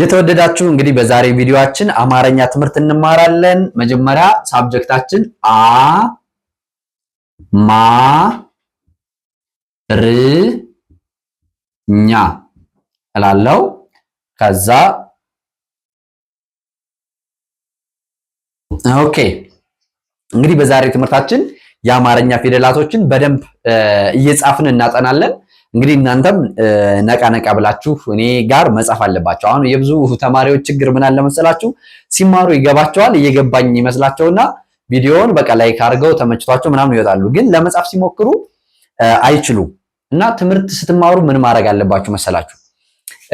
የተወደዳችሁ እንግዲህ በዛሬ ቪዲዮአችን አማርኛ ትምህርት እንማራለን። መጀመሪያ ሳብጀክታችን አ ማ ር ኛ እላለው። ከዛ ኦኬ እንግዲህ በዛሬ ትምህርታችን የአማርኛ ፊደላቶችን በደንብ እየጻፍን እናጠናለን። እንግዲህ እናንተም ነቃ ነቃ ብላችሁ እኔ ጋር መጻፍ አለባችሁ። አሁን የብዙ ተማሪዎች ችግር ምን አለ መሰላችሁ፣ ሲማሩ ይገባቸዋል እየገባኝ ይመስላቸውና ቪዲዮውን በቃ ላይክ አድርገው ተመችቷቸው ምናምን ይወጣሉ። ግን ለመጻፍ ሲሞክሩ አይችሉም። እና ትምህርት ስትማሩ ምን ማድረግ አለባችሁ መሰላችሁ?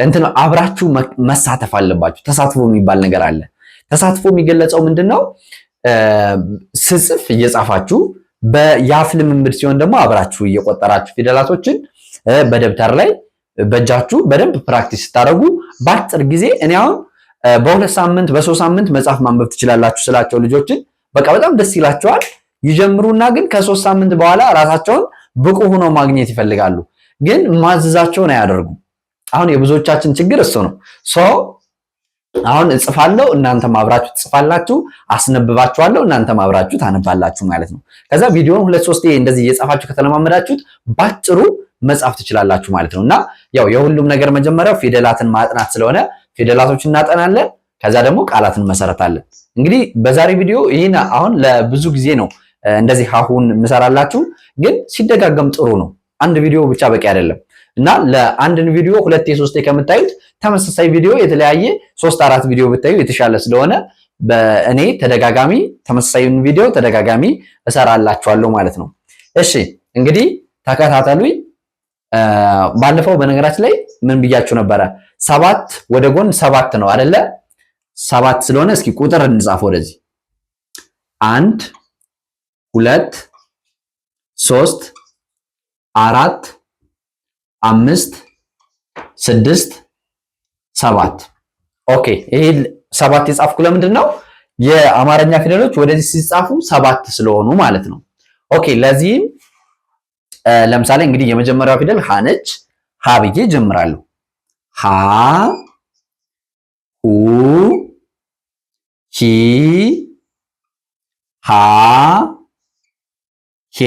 እንትን አብራችሁ መሳተፍ አለባችሁ። ተሳትፎ የሚባል ነገር አለ። ተሳትፎ የሚገለጸው ምንድን ነው? ስጽፍ እየጻፋችሁ በያፍ ልምምድ ሲሆን ደግሞ አብራችሁ እየቆጠራችሁ ፊደላቶችን በደብተር ላይ በእጃችሁ በደንብ ፕራክቲስ ስታደርጉ በአጭር ጊዜ እኔ አሁን በሁለት ሳምንት በሶስት ሳምንት መጽሐፍ ማንበብ ትችላላችሁ ስላቸው ልጆችን በቃ በጣም ደስ ይላቸዋል። ይጀምሩና ግን ከሶስት ሳምንት በኋላ ራሳቸውን ብቁ ሆኖ ማግኘት ይፈልጋሉ፣ ግን ማዝዛቸውን አያደርጉም። አሁን የብዙዎቻችን ችግር እሱ ነው። ሰው አሁን እጽፋለሁ እናንተም አብራችሁ ትጽፋላችሁ፣ አስነብባችኋለሁ እናንተም አብራችሁ ታነባላችሁ ማለት ነው። ከዛ ቪዲዮውን ሁለት ሶስት እንደዚህ እየጻፋችሁ ከተለማመዳችሁት ባጭሩ መጻፍ ትችላላችሁ ማለት ነው። እና ያው የሁሉም ነገር መጀመሪያው ፊደላትን ማጥናት ስለሆነ ፊደላቶችን እናጠናለን። ከዛ ደግሞ ቃላትን መሰረታለን። እንግዲህ በዛሬ ቪዲዮ ይህን አሁን ለብዙ ጊዜ ነው እንደዚህ ሀሁን ምሰራላችሁ፣ ግን ሲደጋገም ጥሩ ነው። አንድ ቪዲዮ ብቻ በቂ አይደለም። እና ለአንድን ቪዲዮ ሁለቴ ሶስቴ ከምታዩት ተመሳሳይ ቪዲዮ የተለያየ ሶስት አራት ቪዲዮ ብታዩ የተሻለ ስለሆነ በእኔ ተደጋጋሚ ተመሳሳይን ቪዲዮ ተደጋጋሚ እሰራላችኋለሁ ማለት ነው። እሺ እንግዲህ ተከታተሉኝ። ባለፈው በነገራችን ላይ ምን ብያችሁ ነበረ? ሰባት ወደ ጎን ሰባት ነው አደለ? ሰባት ስለሆነ እስኪ ቁጥር እንጻፍ ወደዚህ አንድ ሁለት ሶስት አራት አምስት ስድስት ሰባት ኦኬ። ይሄ ሰባት የጻፍኩ ለምንድን ነው? የአማርኛ ፊደሎች ወደዚህ ሲጻፉ ሰባት ስለሆኑ ማለት ነው። ኦኬ። ለዚህም ለምሳሌ እንግዲህ የመጀመሪያው ፊደል ሀ ነች። ሀ ብዬ ጀምራለሁ። ሀ ሁ ሂ ሃ ሄ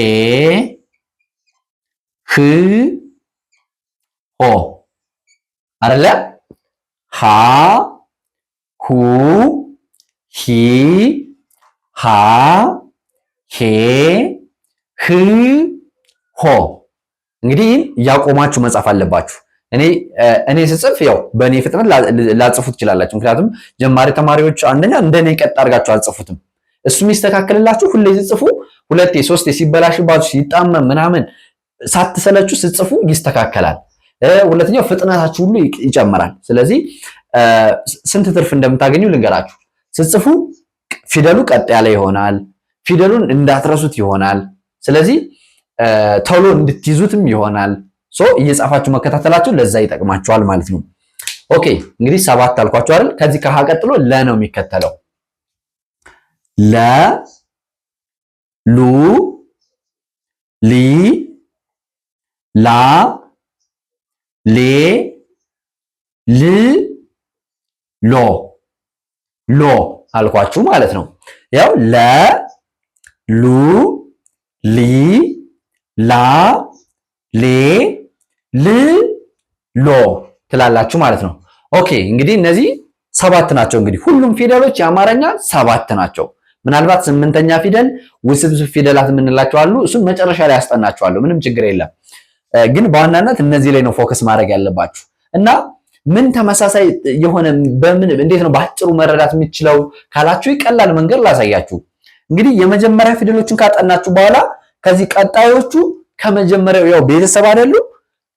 ህ ሆ አይደለ? ሃ ሁ ሂ ሃ ሄ ህ ሆ። እንግዲህ እያቆማችሁ መጻፍ አለባችሁ። እኔ እኔ ስጽፍ ያው በእኔ ፍጥነት ላጽፉ ትችላላችሁ። ምክንያቱም ጀማሪ ተማሪዎች አንደኛ እንደኔ ቀጥ አድርጋችሁ አልጽፉትም። እሱ የሚስተካከልላችሁ ሁሌ ስጽፉ ሁለቴ ሶስቴ ሲበላሽባችሁ ሲጣመም ምናምን ሳትሰለችሁ ስጽፉ ይስተካከላል። ሁለተኛው ፍጥነታችሁ ሁሉ ይጨምራል። ስለዚህ ስንት ትርፍ እንደምታገኙ ልንገራችሁ። ስጽፉ ፊደሉ ቀጥ ያለ ይሆናል። ፊደሉን እንዳትረሱት ይሆናል። ስለዚህ ቶሎ እንድትይዙትም ይሆናል። ሶ እየጻፋችሁ መከታተላችሁ ለዛ ይጠቅማችኋል ማለት ነው። ኦኬ እንግዲህ ሰባት አልኳችሁ አይደል? ከዚህ ከሀ ቀጥሎ ለ ነው የሚከተለው። ለ ሉ ሊ ላ ሌ ል ሎ ሎ አልኳችሁ ማለት ነው። ያው ለ ሉ ሊ ላ ሌ ል ሎ ትላላችሁ ማለት ነው። ኦኬ እንግዲህ እነዚህ ሰባት ናቸው። እንግዲህ ሁሉም ፊደሎች የአማርኛ ሰባት ናቸው። ምናልባት ስምንተኛ ፊደል ውስብስብ ፊደላት የምንላቸው አሉ። እሱን መጨረሻ ላይ ያስጠናችኋለሁ። ምንም ችግር የለም። ግን በዋናነት እነዚህ ላይ ነው ፎከስ ማድረግ ያለባችሁ እና ምን ተመሳሳይ የሆነ በምን እንዴት ነው በአጭሩ መረዳት የሚችለው ካላችሁ ቀላል መንገድ ላሳያችሁ። እንግዲህ የመጀመሪያ ፊደሎችን ካጠናችሁ በኋላ ከዚህ ቀጣዮቹ ከመጀመሪያው ያው ቤተሰብ አይደሉ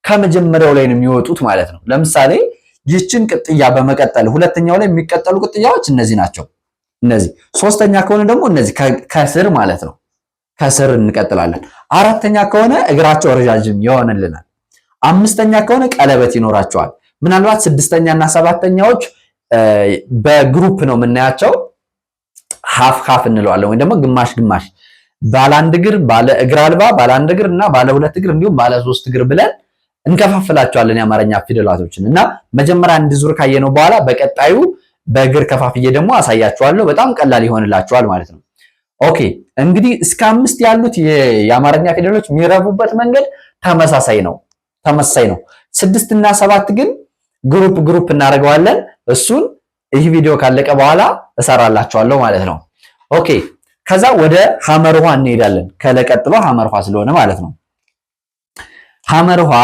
ከመጀመሪያው ላይ ነው የሚወጡት ማለት ነው። ለምሳሌ ይችን ቅጥያ በመቀጠል ሁለተኛው ላይ የሚቀጠሉ ቅጥያዎች እነዚህ ናቸው። እነዚህ ሶስተኛ ከሆነ ደግሞ እነዚህ ከስር ማለት ነው። ከስር እንቀጥላለን። አራተኛ ከሆነ እግራቸው ረዣዥም ይሆንልናል። አምስተኛ ከሆነ ቀለበት ይኖራቸዋል። ምናልባት ስድስተኛ እና ሰባተኛዎች በግሩፕ ነው የምናያቸው። ሀፍ ሀፍ እንለዋለን ወይም ደግሞ ግማሽ ግማሽ ባለ አንድ እግር፣ ባለ እግር አልባ፣ ባለ አንድ እግር እና ባለ ሁለት እግር እንዲሁም ባለ ሶስት እግር ብለን እንከፋፍላቸዋለን የአማርኛ ፊደላቶችን እና መጀመሪያ አንድ ዙር ካየነው በኋላ በቀጣዩ በእግር ከፋፍዬ ደግሞ አሳያችኋለሁ። በጣም ቀላል ይሆንላችኋል ማለት ነው። ኦኬ እንግዲህ እስከ አምስት ያሉት የአማርኛ ፊደሎች የሚረቡበት መንገድ ተመሳሳይ ነው ተመሳሳይ ነው። ስድስት እና ሰባት ግን ግሩፕ ግሩፕ እናደርገዋለን። እሱን ይህ ቪዲዮ ካለቀ በኋላ እሰራላችኋለሁ ማለት ነው። ኦኬ ከዛ ወደ ሐመር ውሃ እንሄዳለን። ከለቀጥሎ ሐመር ውሃ ስለሆነ ማለት ነው። ሐመር ውሃ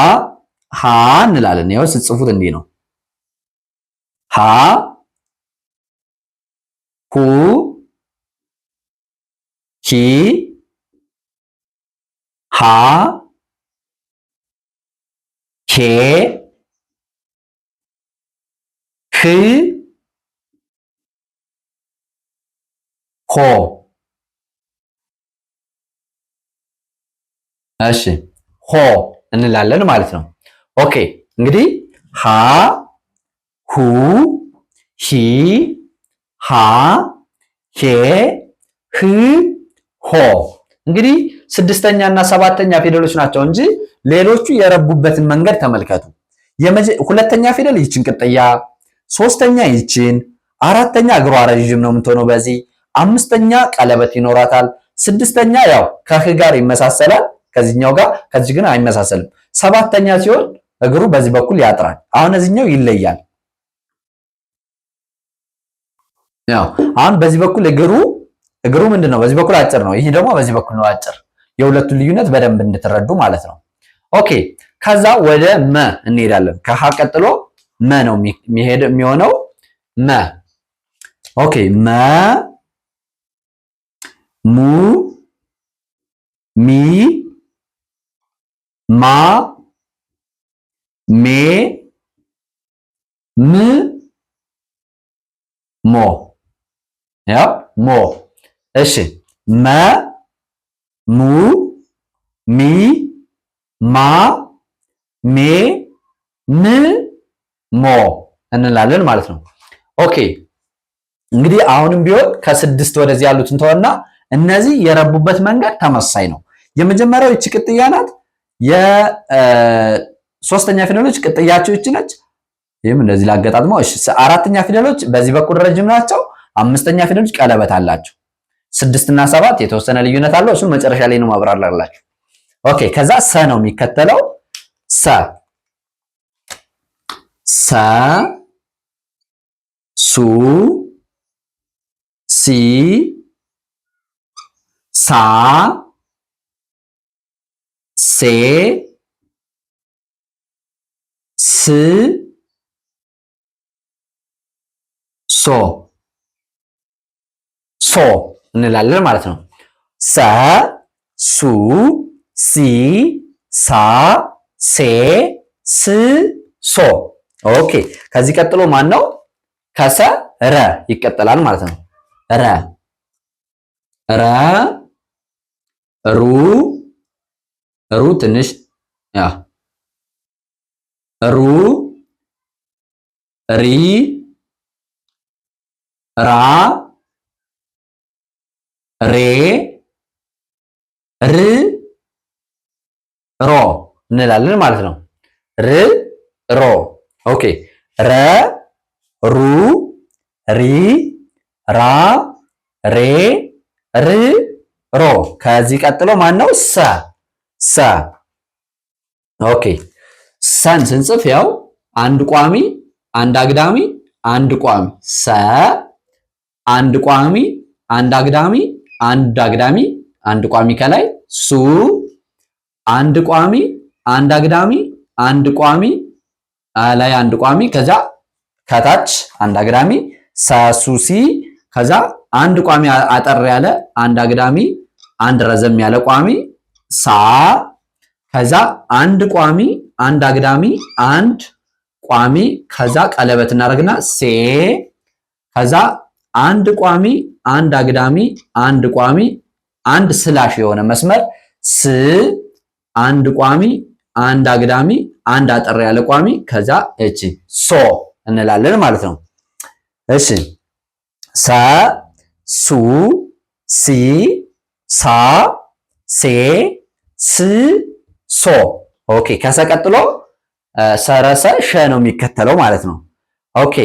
ሀ እንላለን። ይኸው ስትጽፉት እንዲህ ነው። ሀ ሁ ሂ ሃ ሄ ህ ሆ። እሺ ሆ እንላለን ማለት ነው። ኦኬ እንግዲህ ሃ ሁ ሂ ሃ ሄ ህ ሆ እንግዲህ ስድስተኛ እና ሰባተኛ ፊደሎች ናቸው እንጂ ሌሎቹ የረቡበትን መንገድ ተመልከቱ። ሁለተኛ ፊደል ይችን ቅጥያ፣ ሶስተኛ ይችን፣ አራተኛ እግሯ ረዥም ነው የምትሆነው በዚህ አምስተኛ ቀለበት ይኖራታል። ስድስተኛ ያው ከህ ጋር ይመሳሰላል ከዚህኛው ጋር ከዚህ ግን አይመሳሰልም። ሰባተኛ ሲሆን እግሩ በዚህ በኩል ያጥራል። አሁን እዚህኛው ይለያል። ያው አሁን በዚህ በኩል እግሩ እግሩ ምንድን ነው? በዚህ በኩል አጭር ነው። ይህ ደግሞ በዚህ በኩል ነው አጭር። የሁለቱን ልዩነት በደንብ እንድትረዱ ማለት ነው። ኦኬ ከዛ ወደ መ እንሄዳለን። ከሀ ቀጥሎ መ ነው የሚሆነው። መ ኦኬ። መ ሙ ሚ ማ ሜ ም ሞ ያ ሞ እሺ መ ሙ ሚ ማ ሜ ም ሞ እንላለን ማለት ነው። ኦኬ እንግዲህ አሁንም ቢሆን ከስድስት ወደዚህ ያሉትን ተወና እነዚህ የረቡበት መንገድ ተመሳሳይ ነው። የመጀመሪያው ይቺ ቅጥያ ናት። የሶስተኛ ፊደሎች ቅጥያቸው ይቺ ነች። ይህም እንደዚህ ላገጣጥመው። አራተኛ ፊደሎች በዚህ በኩል ረጅም ናቸው። አምስተኛ ፊደሎች ቀለበት አላቸው። ስድስት እና ሰባት የተወሰነ ልዩነት አለው። እሱም መጨረሻ ላይ ነው ማብራራላችሁ። ኦኬ ከዛ ሰ ነው የሚከተለው። ሰ ሰ ሱ ሲ ሳ ሴ ስ ሶ ሶ እንላለን ማለት ነው። ሰ ሱ ሲ ሳ ሴ ስ ሶ። ኦኬ ከዚህ ቀጥሎ ማን ነው? ከሰ ረ ይቀጥላል ማለት ነው። ረ ረ ሩ ሩ ትንሽ ሩ ሪ ራ ሬ ር ሮ እንላለን ማለት ነው። ር ሮ ኦኬ። ረ ሩ ሪ ራ ሬ ር ሮ። ከዚህ ቀጥሎ ማን ነው? ሰ ሰ ኦኬ። ሰን ስንጽፍ ያው አንድ ቋሚ፣ አንድ አግዳሚ፣ አንድ ቋሚ ሰ፣ አንድ ቋሚ፣ አንድ አግዳሚ አንድ አግዳሚ አንድ ቋሚ ከላይ ሱ አንድ ቋሚ አንድ አግዳሚ አንድ ቋሚ ላይ አንድ ቋሚ ከዛ ከታች አንድ አግዳሚ ሳሱሲ ከዛ አንድ ቋሚ አጠር ያለ አንድ አግዳሚ አንድ ረዘም ያለ ቋሚ ሳ ከዛ አንድ ቋሚ አንድ አግዳሚ አንድ ቋሚ ከዛ ቀለበት እናደርግና ሴ ከዛ አንድ ቋሚ አንድ አግዳሚ አንድ ቋሚ አንድ ስላሽ የሆነ መስመር ስ አንድ ቋሚ አንድ አግዳሚ አንድ አጠር ያለ ቋሚ ከዛ እቺ ሶ እንላለን ማለት ነው። እሺ ሰ ሱ ሲ ሳ ሴ ስ ሶ። ኦኬ ከሰ ቀጥሎ ሰረሰ ሸ ነው የሚከተለው ማለት ነው። ኦኬ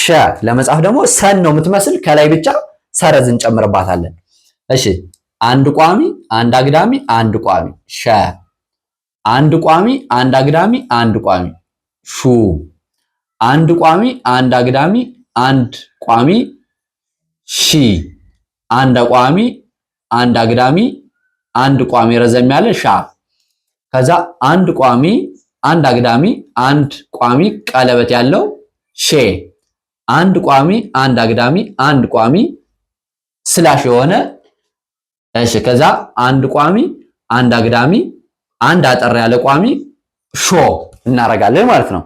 ሸ ለመጻፍ ደግሞ ሰን ነው የምትመስል። ከላይ ብቻ ሰረዝ እንጨምርባታለን። እሺ አንድ ቋሚ፣ አንድ አግዳሚ፣ አንድ ቋሚ ሸ። አንድ ቋሚ፣ አንድ አግዳሚ፣ አንድ ቋሚ ሹ። አንድ ቋሚ፣ አንድ አግዳሚ፣ አንድ ቋሚ ሺ። አንድ ቋሚ፣ አንድ አግዳሚ፣ አንድ ቋሚ ረዘም ያለ ሻ። ከዛ አንድ ቋሚ፣ አንድ አግዳሚ፣ አንድ ቋሚ ቀለበት ያለው ሼ አንድ ቋሚ አንድ አግዳሚ አንድ ቋሚ ስላሽ የሆነ እሺ። ከዛ አንድ ቋሚ አንድ አግዳሚ አንድ አጠር ያለ ቋሚ ሾ እናረጋለን ማለት ነው።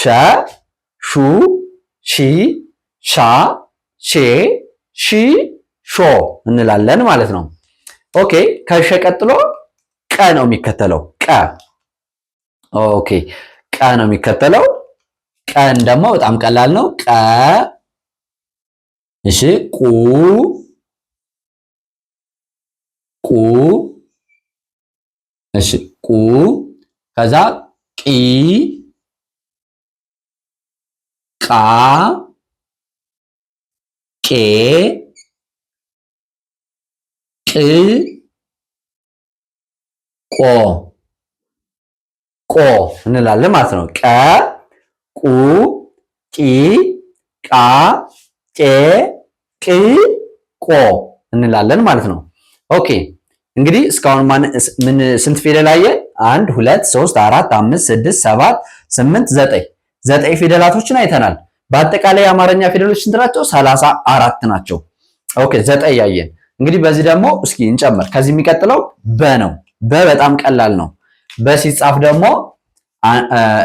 ሸ ሹ ሺ ሻ ሼ ሺ ሾ እንላለን ማለት ነው። ኦኬ ከሸ ቀጥሎ ቀ ነው የሚከተለው። ቀ ኦኬ፣ ቀ ነው የሚከተለው ቀን ደግሞ በጣም ቀላል ነው። ቀ እሺ፣ ቁ ቁ እሺ፣ ቁ ከዛ ቂ ቃ ቄ ቅ ቆ ቆ እንላለን ማለት ነው። ቀ ቁ ቂ ቃ ቄ ቅ ቆ እንላለን ማለት ነው። ኦኬ እንግዲህ እስካሁን ምን ስንት ፊደል አየ? አንድ ሁለት ሶስት አራት አምስት ስድስት ሰባት ስምንት ዘጠኝ ዘጠኝ ፊደላቶችን አይተናል። በአጠቃላይ የአማርኛ ፊደሎች ስንት ናቸው? ሰላሳ አራት ናቸው። ኦኬ ዘጠኝ ያየን። እንግዲህ በዚህ ደግሞ እስኪ እንጨምር። ከዚህ የሚቀጥለው በ ነው። በ በጣም ቀላል ነው። በሲጻፍ ደግሞ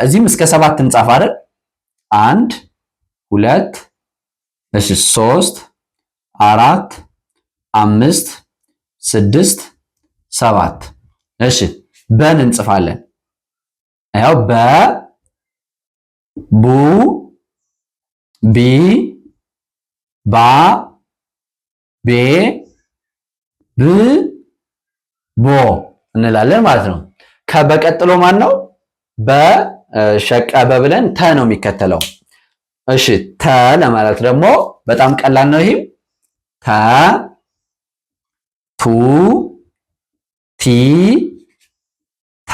እዚህም እስከ ሰባት እንጻፍ አይደል? አንድ ሁለት፣ እሺ ሶስት፣ አራት፣ አምስት፣ ስድስት፣ ሰባት። እሺ በን እንጽፋለን። ያው በ ቡ ቢ ባ ቤ ብ ቦ እንላለን ማለት ነው። ከበቀጥሎ ማን ነው? በሸቀበ ብለን ተ ነው የሚከተለው። እሺ ተ ለማለት ደግሞ በጣም ቀላል ነው። ይህም ተ ቱ ቲ ታ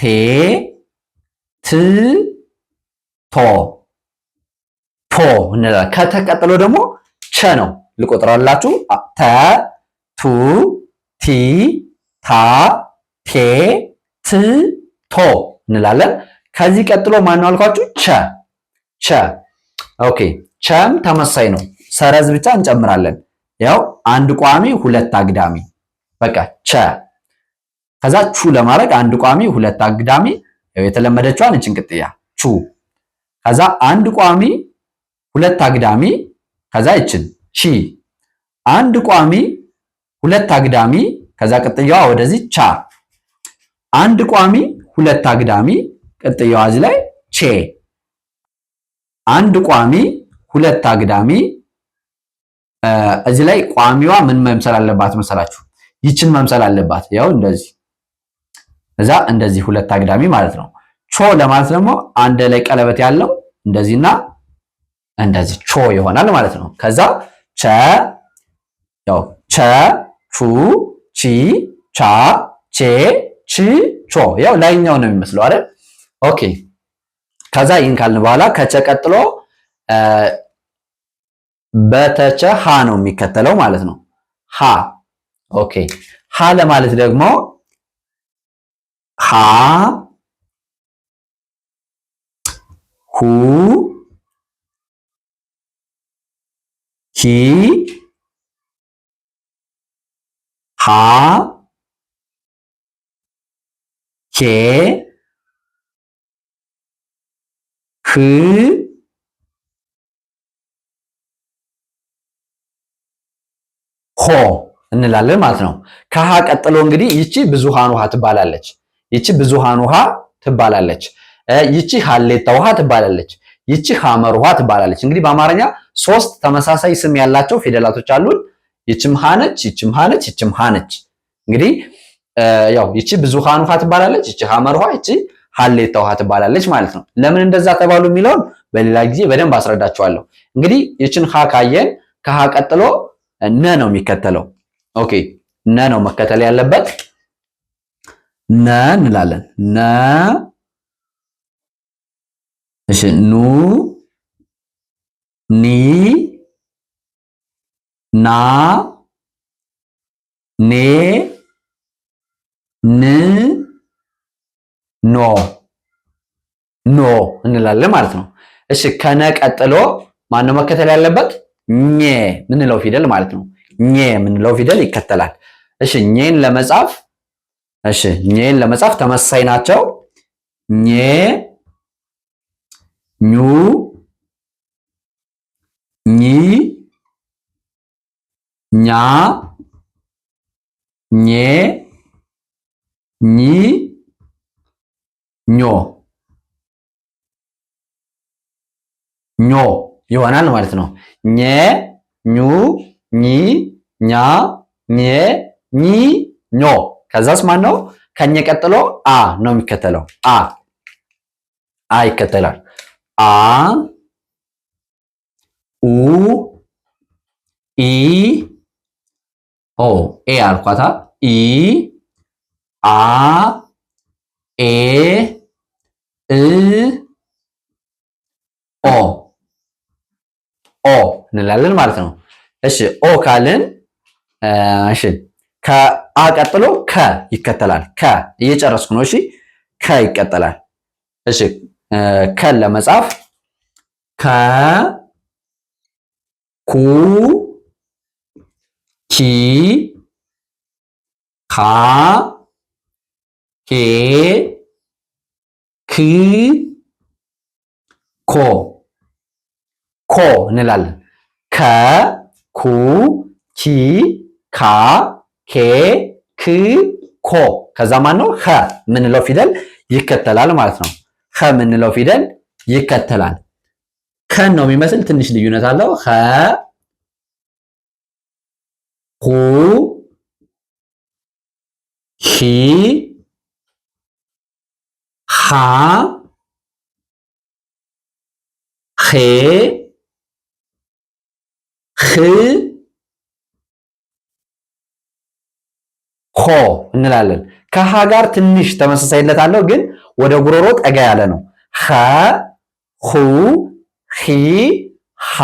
ቴ ት ቶ ቶ እንላለን። ከተቀጥሎ ደግሞ ቸ ነው። ልቆጥራላችሁ ተ ቱ ቲ ታ ቴ ት ቶ እንላለን። ከዚህ ቀጥሎ ማነው አልኳችሁ? ቸ ቸ። ኦኬ ቸም ተመሳይ ነው። ሰረዝ ብቻ እንጨምራለን። ያው አንድ ቋሚ ሁለት አግዳሚ በቃ ቸ። ከዛ ቹ ለማድረግ አንድ ቋሚ ሁለት አግዳሚ ያው የተለመደችዋን እችን ቅጥያ ቹ። ከዛ አንድ ቋሚ ሁለት አግዳሚ ከዛ ይችን ቺ። አንድ ቋሚ ሁለት አግዳሚ ከዛ ቅጥያዋ ወደዚህ ቻ። አንድ ቋሚ ሁለት አግዳሚ ቅጥያው አዝ ላይ ቼ፣ አንድ ቋሚ ሁለት አግዳሚ። እዚህ ላይ ቋሚዋ ምን መምሰል አለባት መሰላችሁ? ይችን መምሰል አለባት። ያው እንደዚህ እዛ እንደዚህ ሁለት አግዳሚ ማለት ነው። ቾ ለማለት ደግሞ አንድ ላይ ቀለበት ያለው እንደዚህና እንደዚህ ቾ ይሆናል ማለት ነው። ከዛ ቸ ያው ቸ ቹ ቺ ቻ ቼ ቺ ቾ ያው ላይኛው ነው የሚመስለው አይደል? ኦኬ። ከዛ ይህን ካልን በኋላ ከቸ ቀጥሎ በተቸ ሃ ነው የሚከተለው ማለት ነው። ሀ ኦኬ። ሃ ለማለት ደግሞ ሃ ሁ ሂ ሃ ቼ ህ ሆ እንላለን ማለት ነው። ከሃ ቀጥሎ እንግዲህ ይቺ ብዙሃን ውሃ ትባላለች። ይቺ ብዙሃን ውሃ ትባላለች። ይቺ ሀሌታ ውሃ ትባላለች። ይቺ ሀመር ውሃ ትባላለች። እንግዲህ በአማርኛ ሶስት ተመሳሳይ ስም ያላቸው ፊደላቶች አሉን። ይችም ሃነች፣ ይችም ሃነች፣ ይችም ሃነች። እንግዲህ ያው ይቺ ብዙሃን ውሃ ትባላለች፣ ይቺ ሐመር ውሃ፣ ይቺ ሀሌታ ውሃ ትባላለች ማለት ነው። ለምን እንደዛ ተባሉ የሚለውን በሌላ ጊዜ በደንብ አስረዳችኋለሁ። እንግዲህ ይችን ሀ ካየን ከሀ ቀጥሎ ነ ነው የሚከተለው። ኦኬ ነ ነው መከተል ያለበት። ነ እንላለን። ነ እሺ፣ ኑ፣ ኒ፣ ና፣ ኔ ን ኖ ኖ እንላለን ማለት ነው። እሺ ከነ ቀጥሎ ማነው መከተል ያለበት? ኘ ምንለው ፊደል ማለት ነው። ኘ ምንለው ፊደል ይከተላል። እሺ ኘን ለመጻፍ እሺ ኘን ለመጻፍ ተመሳሳይ ናቸው። ኘ ኙ ኚ ኛ ኘ ኒ ኞ ኞ ይሆናል ማለት ነው። ኘ ኙ ኚ ኛ ኘ ኚ ኞ። ከዛስ ማን ነው? ከኘ ቀጥሎ አ ነው የሚከተለው። አ አ ይከተላል። አ ኡ ኢ ኦ ኤ አልኳታ ኢ አ ኤ እ ኦ ኦ እንላለን ማለት ነው። እሺ ኦ ካልን እሺ ከአ ቀጥሎ ከ ይከተላል። ከ እየጨረስኩ ነው። እሺ ከ ይቀጠላል። እሺ ከን ለመጻፍ ከ ኩ ኪ ካ ኬ ክ ኮ ኮ እንላለን። ከ ኩ ኪ ካ ኬ ክ ኮ ከዛ ማን ነው ኸ የምንለው ፊደል ይከተላል ማለት ነው። ኸ የምንለው ፊደል ይከተላል። ከን ነው የሚመስል ትንሽ ልዩነት አለው። ኸ ኩ ሂ ሀ ሄ ህ ሆ እንላለን። ከሀ ጋር ትንሽ ተመሳሳይነት አለው፣ ግን ወደ ጉሮሮ ጠጋ ያለ ነው። ሀ ሁ ሂ ሃ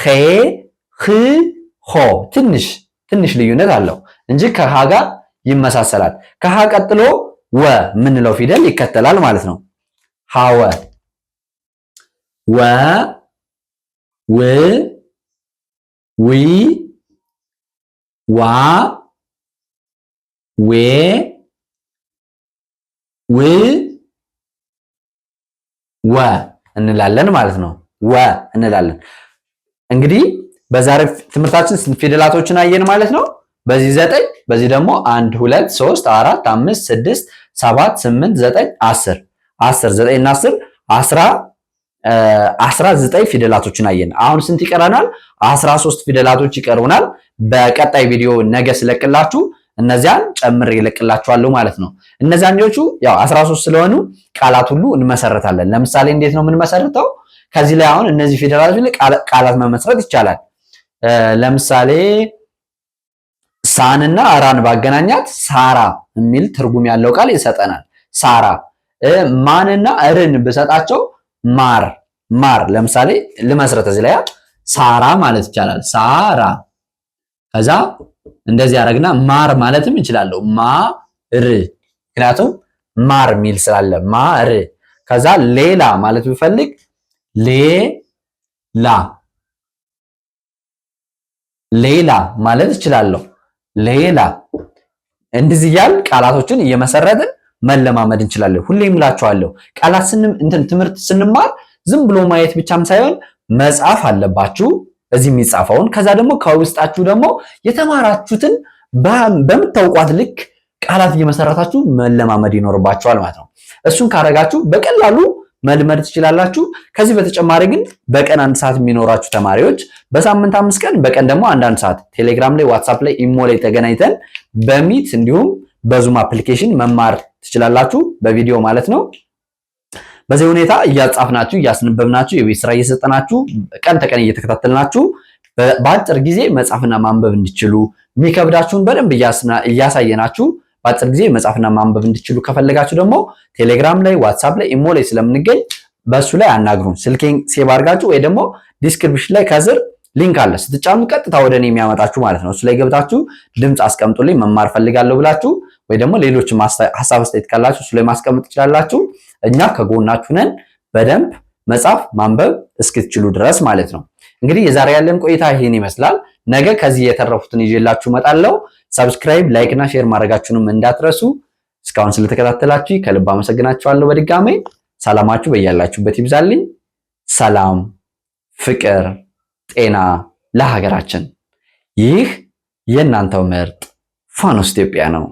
ሄ ህ ሆ ትንሽ ትንሽ ልዩነት አለው እንጂ ከሀ ጋር ይመሳሰላል። ከሀ ቀጥሎ ወ የምንለው ፊደል ይከተላል ማለት ነው። ሀወ ወ ው ዊ ዋ ዌ ው ወ እንላለን ማለት ነው። ወ እንላለን እንግዲህ በዛሬ ትምህርታችን ፊደላቶችን አየን ማለት ነው። በዚህ ዘጠኝ በዚህ ደግሞ አንድ ሁለት ሶስት አራት አምስት ስድስት 7 8 9 10 10 9 እና 10 10 19 ፊደላቶችን አየን። አሁን ስንት ይቀረናል? 13 ፊደላቶች ይቀሩናል። በቀጣይ ቪዲዮ ነገ ስለቅላችሁ እነዚያን ጨምር ይለቅላችኋለሁ ማለት ነው። እነዛኞቹ ያው 13 ስለሆኑ ቃላት ሁሉ እንመሰረታለን። ለምሳሌ እንዴት ነው የምንመሰርተው? ከዚህ ላይ አሁን እነዚህ ፊደላቶች ቃላት መመስረት ይቻላል። ለምሳሌ ሳንና ራን ባገናኛት ሳራ የሚል ትርጉም ያለው ቃል ይሰጠናል። ሳራ ማንና እርን ብሰጣቸው ማር ማር። ለምሳሌ ልመስረት እዚህ ላይ ሳራ ማለት ይቻላል። ሳራ ከዛ እንደዚህ ያደረግና ማር ማለትም እንችላለሁ ማር ምክንያቱም ማር ሚል ስላለ ማር። ከዛ ሌላ ማለት ብፈልግ ሌላ ሌላ ማለት እችላለሁ። ሌላ እንደዚህ እያልን ቃላቶችን እየመሰረትን መለማመድ እንችላለን። ሁሌም እላችኋለሁ ቃላት እንትን ትምህርት ስንማር ዝም ብሎ ማየት ብቻም ሳይሆን መጻፍ አለባችሁ እዚህ የሚጻፈውን ከዛ ደግሞ ከውስጣችሁ ደግሞ የተማራችሁትን በምታውቋት ልክ ቃላት እየመሰረታችሁ መለማመድ ይኖርባችኋል ማለት ነው። እሱን ካረጋችሁ በቀላሉ መልመድ ትችላላችሁ። ከዚህ በተጨማሪ ግን በቀን አንድ ሰዓት የሚኖራችሁ ተማሪዎች በሳምንት አምስት ቀን በቀን ደግሞ አንዳንድ ሰዓት ቴሌግራም ላይ፣ ዋትሳፕ ላይ፣ ኢሞ ላይ ተገናኝተን በሚት እንዲሁም በዙም አፕሊኬሽን መማር ትችላላችሁ፣ በቪዲዮ ማለት ነው። በዚህ ሁኔታ እያጻፍናችሁ እያስነበብናችሁ የቤት ስራ እየሰጠናችሁ ቀን ተቀን እየተከታተልናችሁ በአጭር ጊዜ መጻፍና ማንበብ እንዲችሉ የሚከብዳችሁን በደንብ እያሳየናችሁ በአጭር ጊዜ መጻፍና ማንበብ እንድችሉ ከፈለጋችሁ ደግሞ ቴሌግራም ላይ፣ ዋትሳፕ ላይ፣ ኢሞ ላይ ስለምንገኝ በሱ ላይ አናግሩን። ስልኬን ሴቭ አድርጋችሁ ወይ ደግሞ ዲስክሪፕሽን ላይ ከስር ሊንክ አለ ስትጫኑ ቀጥታ ወደ እኔ የሚያመጣችሁ ማለት ነው። እሱ ላይ ገብታችሁ ድምፅ አስቀምጡልኝ መማር ፈልጋለሁ ብላችሁ ወይ ደግሞ ሌሎች ሀሳብ አስተያየት ካላችሁ እሱ ላይ ማስቀመጥ ትችላላችሁ። እኛ ከጎናችሁ ነን በደንብ መጻፍ ማንበብ እስክትችሉ ድረስ ማለት ነው። እንግዲህ የዛሬ ያለን ቆይታ ይህን ይመስላል። ነገ ከዚህ የተረፉትን ይዤላችሁ እመጣለሁ። ሳብስክራይብ፣ ላይክ እና ሼር ማድረጋችሁንም እንዳትረሱ። እስካሁን ስለተከታተላችሁ ከልብ አመሰግናችኋለሁ። በድጋሜ ሰላማችሁ በያላችሁበት ይብዛልኝ። ሰላም፣ ፍቅር፣ ጤና ለሀገራችን። ይህ የእናንተው ምርጥ ፋኖስ ኢትዮጵያ ነው።